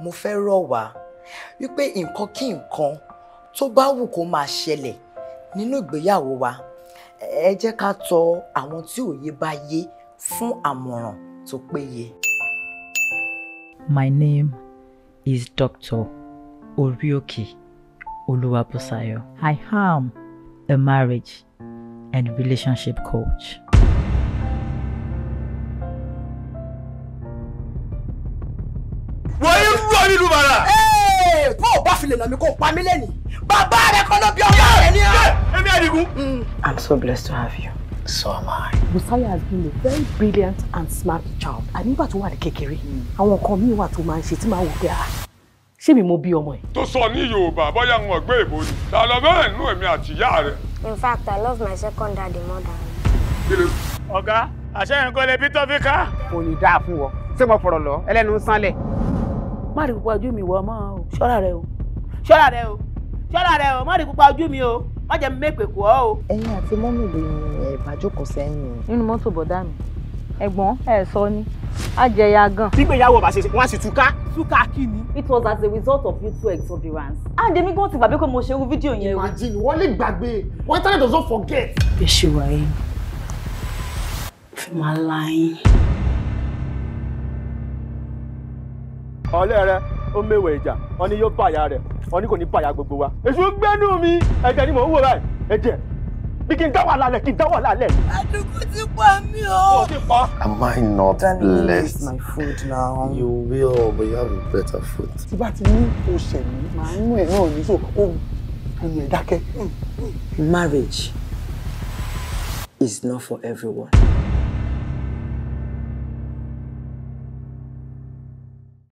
mo fẹ́ rọ̀ wá wípé nǹkan kí nǹkan tó bá wù kó máa ṣẹlẹ̀ nínú ìgbéyàwó wa ẹ jẹ́ ká tọ àwọn tí òye bá yé fún àmọ̀ràn tó péye. My name is Dr. Orioke Oluwabosayo. I am a marriage and relationship coach. wọ́n yín rọ̀ nínú bàrà. bó o bá filẹ̀ nà mí kó pa mí lẹ́nu bàbá rẹ kọ́ bí ọmọ rẹ ní ọ. èmi àdìgún. Mm. I'm so blessed to have you. So am I. Busaya has been a very brilliant and smart child. Ànígbà tó wà ní kékeré, àwọn nǹkan míì wà tó máa ń ṣe tí máa wò pé à ah, ṣé mi mo bí ọmọ ẹ. tó sọ ní Yorùbá bóyá wọn gbé ìbò ni ta lọ bẹ́ẹ̀ nú àti ìyá rẹ. In fact, I love my second daddy more than. ọ̀gá àṣẹ yẹn kò lè bí tó fi ká. kò ní dáa fún wọn ṣé mo fọ̀rọ̀ lọ ẹlẹ́nu sánlẹ̀ má rí pupa ojú mi wọ ọmọ o ṣọ́ra rẹ o ṣọ́ra rẹ o ṣọ́ra rẹ o má rí pupa ojú mi o má jẹ́ mi mẹ́pẹ̀ kú ọ o. ẹ̀yin àti mọ́mì lè ẹ̀ bá jókòó sẹ́yìn. nínú mọ́tò bọ̀dá mi ẹ̀gbọ́n ẹ̀ sọ ni ajẹya gan. tígbéyàwó bá ṣe ṣe wọn sì túká. túká kí ni. it was as a result of you two exuberance. and èmi gan ti gbàgbé pé mo ṣe irú fídíò yẹn. imagine wọ́n lè gbàgbé wọ́n internet does not forget. bí ṣe wà yìí máa la yín. ọ̀lẹ́ rẹ ó mẹ́wẹ̀ ìjà wọn ni yóò pààyà rẹ wọn ni kò ní pààyà gbogbo wa. èṣù gbẹ́nu mi ẹ̀jẹ̀ ni mò ń wò báyìí ẹ̀jẹ̀ bí kí n dáwà lálẹ́ kí n dáwà lálẹ́. àdùkú ti pa mí o. o ti pa. am I not blessed. my food now. you will but you have a better food. tí bá ti ní oṣù mi màá mú ẹ̀ náà ní so ó ń yẹ dákẹ́. Mm, mm. marriage is not for everyone.